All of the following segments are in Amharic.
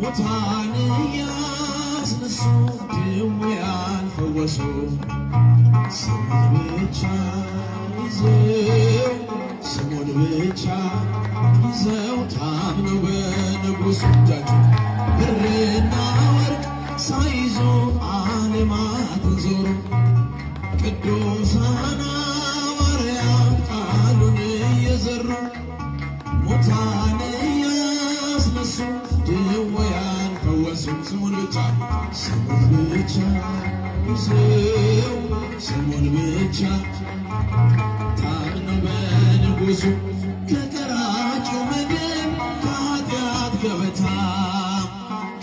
ሙታን እያስነሱ ድውያን ፈወሱ ስሙን ብቻ ይዘው ስሙን ብቻ ይዘው ታምነው እጃቸው ብርና ወርቅ ሳይዞ ዓለማትን ዞሩ ቅዱሳን ሐዋርያት ቃሉን እየዘሩ ሙታን ስሙን ብቻ ስሙን ብቻ ይዘው ስሙን ብቻ ታምነው በንጉሱ ከቀራጭው ምግብ ከኃጢአት ገበታ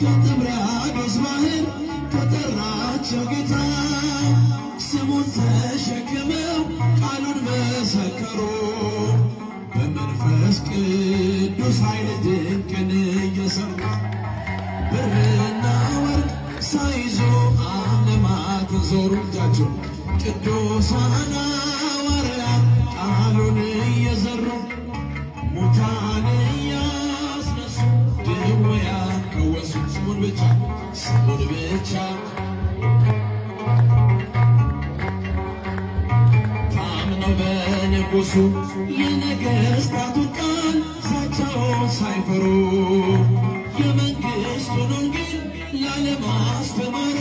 ከጥብርያዶስ ባህር ከጠራቸው ጌታ ስሙን ተሸክመው ቃሉን መሰከሩ በመንፈስ ቅዱስ ዞሩ እጃቸው ቅዱሳን ሐዋርያት ቃሉን እየዘሩ ሙታን እያስነሱ ድውያን ፈወሱ። ስሙን ብቻ ስሙን ብቻ በንጉሱ የነገሥታቱን ቃል ሳይፈሩ የመንግሥቱን ወንጌል ላለማስተማሩ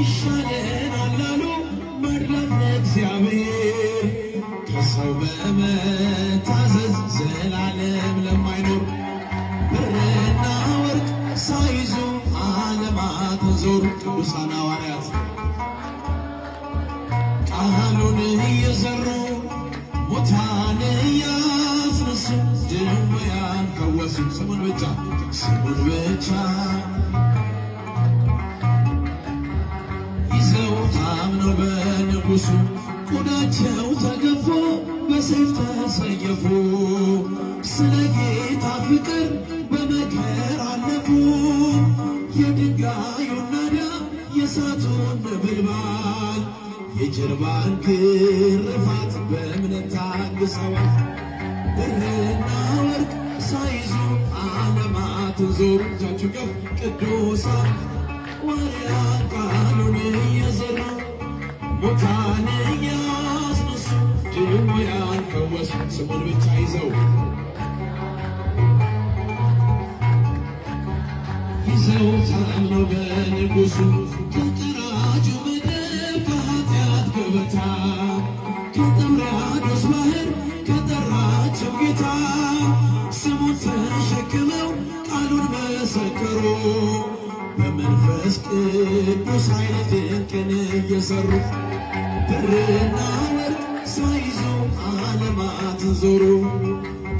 ይሻለናል አሉ መድላም እግዚአብሔር ከሰው በመታዘዝ ዘላለም ለማይኖር ብርና ወርቅ ሳይዙ ዓለማትን ዞሩ ቅዱሳን ሐዋርያት ቃሉን እየዘሩ ሙታን እያስነሱ ድውያን ፈወሱ። ስሙን ብቻ ስሙን ብቻ ንጉሱ ቁዳቸው ተገፎ በሰይፍ ተሰየፉ። ስለ ጌታ ፍቅር በመከር አለፉ። የድንጋዩን ናዳ የእሳቱን ነበልባል የጀርባን ግርፋት በእምነት ታግሰዋል። ብርና ወርቅ ሳይዙ ዓለማትን ዞሩ። እጃችሁ ቅዱሳን ሐዋርያት ቃሉን እየዘሩ ሙታን እያስነሱ ድውያን ፈወሱ ስሙን ብቻ ይዘው ይዘውታል ነው በንጉሱ ተጠራጁ መደብ ከኃጢአት ገበታ ከጠምራዶስ ስሙን ተሸክመው ቃሉን መሰከሩ ቅዱስ ኃይል ድንቅን እየሰሩ ብርና ወርቅ ሳይዙ ዓለማትን ዞሩ።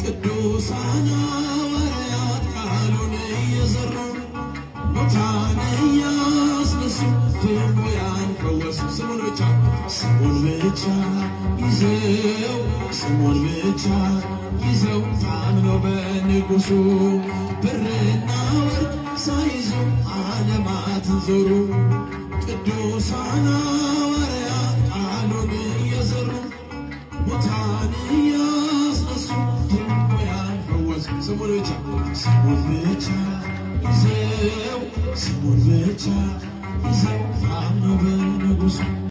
ቅዱሳን ሐዋርያት ቃሉን እየዘሩ ሙታን እያስነሱ ሕሙያን ፈወሱ። ስሙን ብቻ ስሙን ብቻ ይዘው ስሙን ብቻ ይዘው ታምነው በንጉሱ! ብር ዘሩ ቅዱሳን ሐዋርያት ቃሉን እየዘሩ ሙታን እያስነሱ ድውያን ፈወሱ። ስሙን ብቻ ስሙን ብቻ ይዘው ስሙን ብቻ ይዘው ታመኑ በንጉሡ